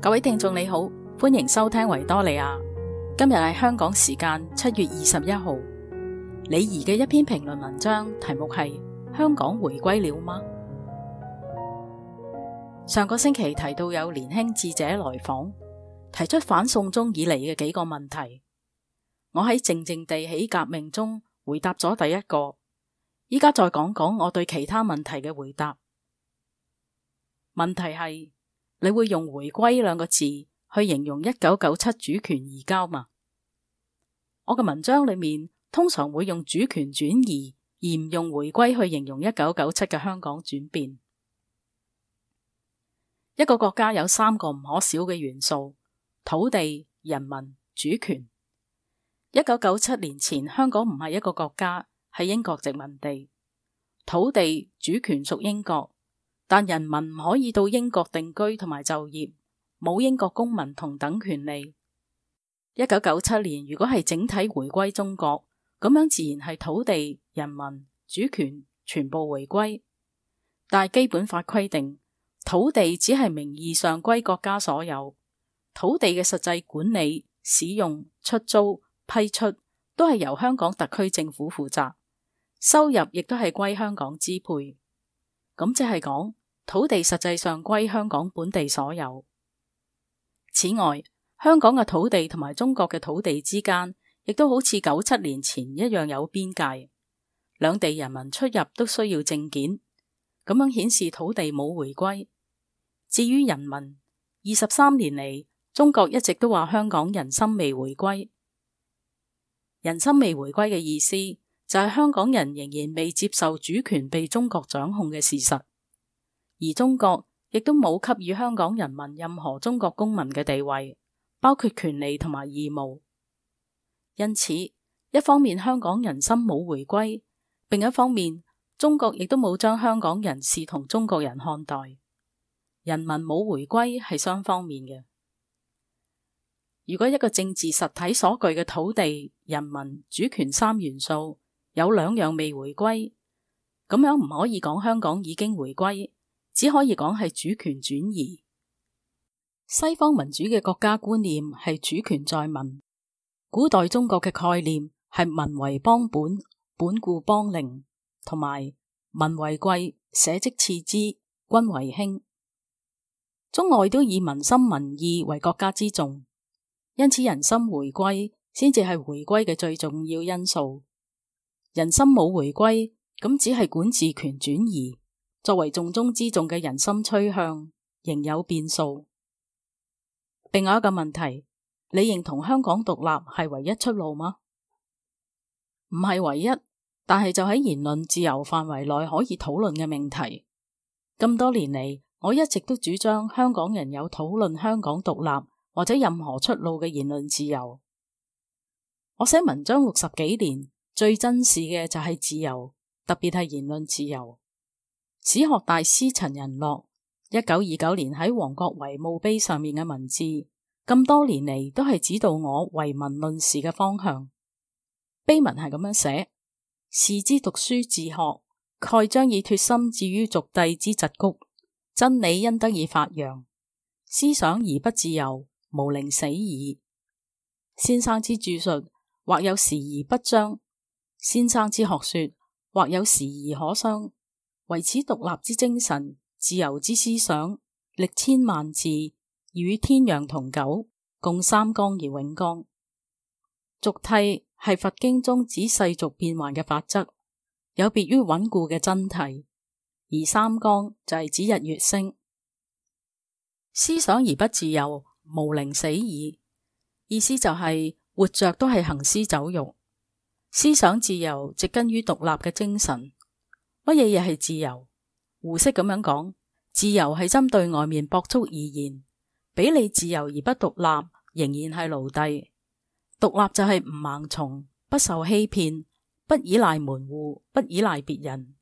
各位聽眾你好，歡迎收聽維多利亞。今日係香港時間七月二十一號，李怡嘅一篇評論文章，題目係《香港回歸了嗎》。上個星期提到有年輕智者來訪。提出反送中以嚟嘅幾個問題，我喺靜靜地起革命中回答咗第一個。依家再講講我對其他問題嘅回答。問題係你會用回歸兩個字去形容一九九七主權移交嘛？我嘅文章裏面通常會用主權轉移而唔用回歸去形容一九九七嘅香港轉變。一個國家有三個唔可少嘅元素。土地、人民、主權。一九九七年前，香港唔係一個國家，係英國殖民地。土地主權屬英國，但人民唔可以到英國定居同埋就業，冇英國公民同等權利。一九九七年，如果係整體回歸中國，咁樣自然係土地、人民、主權全部回歸。但基本法規定，土地只係名義上歸國家所有。土地嘅實際管理、使用、出租、批出都係由香港特區政府負責，收入亦都係歸香港支配。咁即係講，土地實際上歸香港本地所有。此外，香港嘅土地同埋中國嘅土地之間，亦都好似九七年前一樣有邊界，兩地人民出入都需要證件，咁樣顯示土地冇回歸。至於人民，二十三年嚟。中國一直都話香港人心未回歸，人心未回歸嘅意思就係香港人仍然未接受主權被中國掌控嘅事實，而中國亦都冇給予香港人民任何中國公民嘅地位，包括權利同埋義務。因此，一方面香港人心冇回歸，另一方面中國亦都冇將香港人視同中國人看待，人民冇回歸係雙方面嘅。如果一個政治實體所具嘅土地、人民、主權三元素有兩樣未回歸，咁樣唔可以講香港已經回歸，只可以講係主權轉移。西方民主嘅國家觀念係主權在民，古代中國嘅概念係民為邦本，本固邦寧，同埋民為貴，社稷次之，君為輕。中外都以民心民意為國家之重。因此，人心回歸先至係回歸嘅最重要因素。人心冇回歸，咁只係管治權轉移。作為重中之重嘅人心趨向，仍有變數。另外一個問題，你認同香港獨立係唯一出路嗎？唔係唯一，但係就喺言論自由範圍內可以討論嘅命題。咁多年嚟，我一直都主張香港人有討論香港獨立。或者任何出路嘅言論自由，我寫文章六十幾年，最珍視嘅就係自由，特別係言論自由。史學大師陳寅恪一九二九年喺王國維墓碑上面嘅文字，咁多年嚟都係指導我為文論事嘅方向。碑文係咁樣寫：士之讀書治學，蓋將以脱心置於俗諦之桎梏，真理因得以發揚。思想而不自由。無寧死矣。先生之著述，或有時而不彰；先生之學說，或有時而可傷。唯此獨立之精神，自由之思想，歷千萬字，而與天壤同久，共三光而永光。俗諦係佛經中指世俗變幻嘅法則，有別於穩固嘅真諦。而三光就係指日月星。思想而不自由。無寧死矣，意思就係、是、活着都係行屍走肉。思想自由植根於獨立嘅精神，乜嘢嘢係自由？胡適咁樣講，自由係針對外面博促而言，俾你自由而不獨立，仍然係奴隸。獨立就係唔盲從，不受欺騙，不依賴門戶，不依賴別人。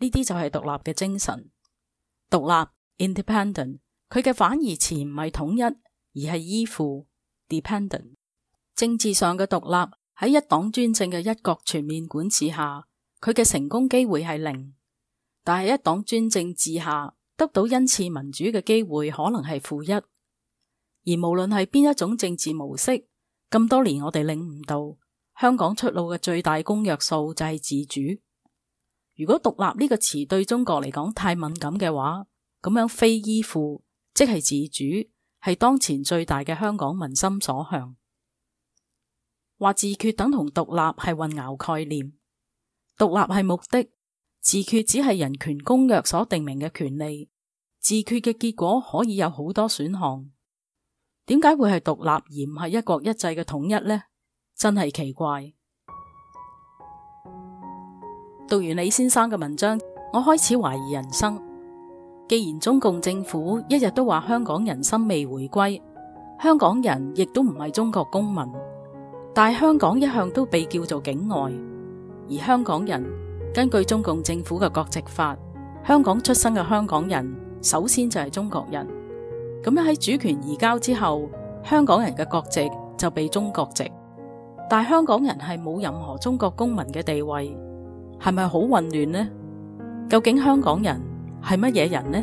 呢啲就係獨立嘅精神。獨立 （independent），佢嘅反義詞唔係統一。而係依附，dependent。政治上嘅獨立喺一黨專政嘅一國全面管治下，佢嘅成功機會係零。但係一黨專政治下，得到恩賜民主嘅機會可能係負一。而無論係邊一種政治模式，咁多年我哋領悟到，香港出路嘅最大公約數就係自主。如果獨立呢個詞對中國嚟講太敏感嘅話，咁樣非依附，即係自主。係當前最大嘅香港民心所向，話自決等同獨立係混淆概念。獨立係目的，自決只係人權公約所定明嘅權利。自決嘅結果可以有好多選項，點解會係獨立而唔係一國一制嘅統一呢？真係奇怪。讀完李先生嘅文章，我開始懷疑人生。既然中共政府一日都話香港人心未回歸，香港人亦都唔係中國公民，但係香港一向都被叫做境外，而香港人根據中共政府嘅國籍法，香港出生嘅香港人首先就係中國人。咁樣喺主權移交之後，香港人嘅國籍就被中國籍，但係香港人係冇任何中國公民嘅地位，係咪好混亂呢？究竟香港人，係乜嘢人呢？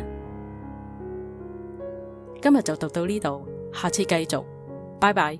今日就讀到呢度，下次繼續，拜拜。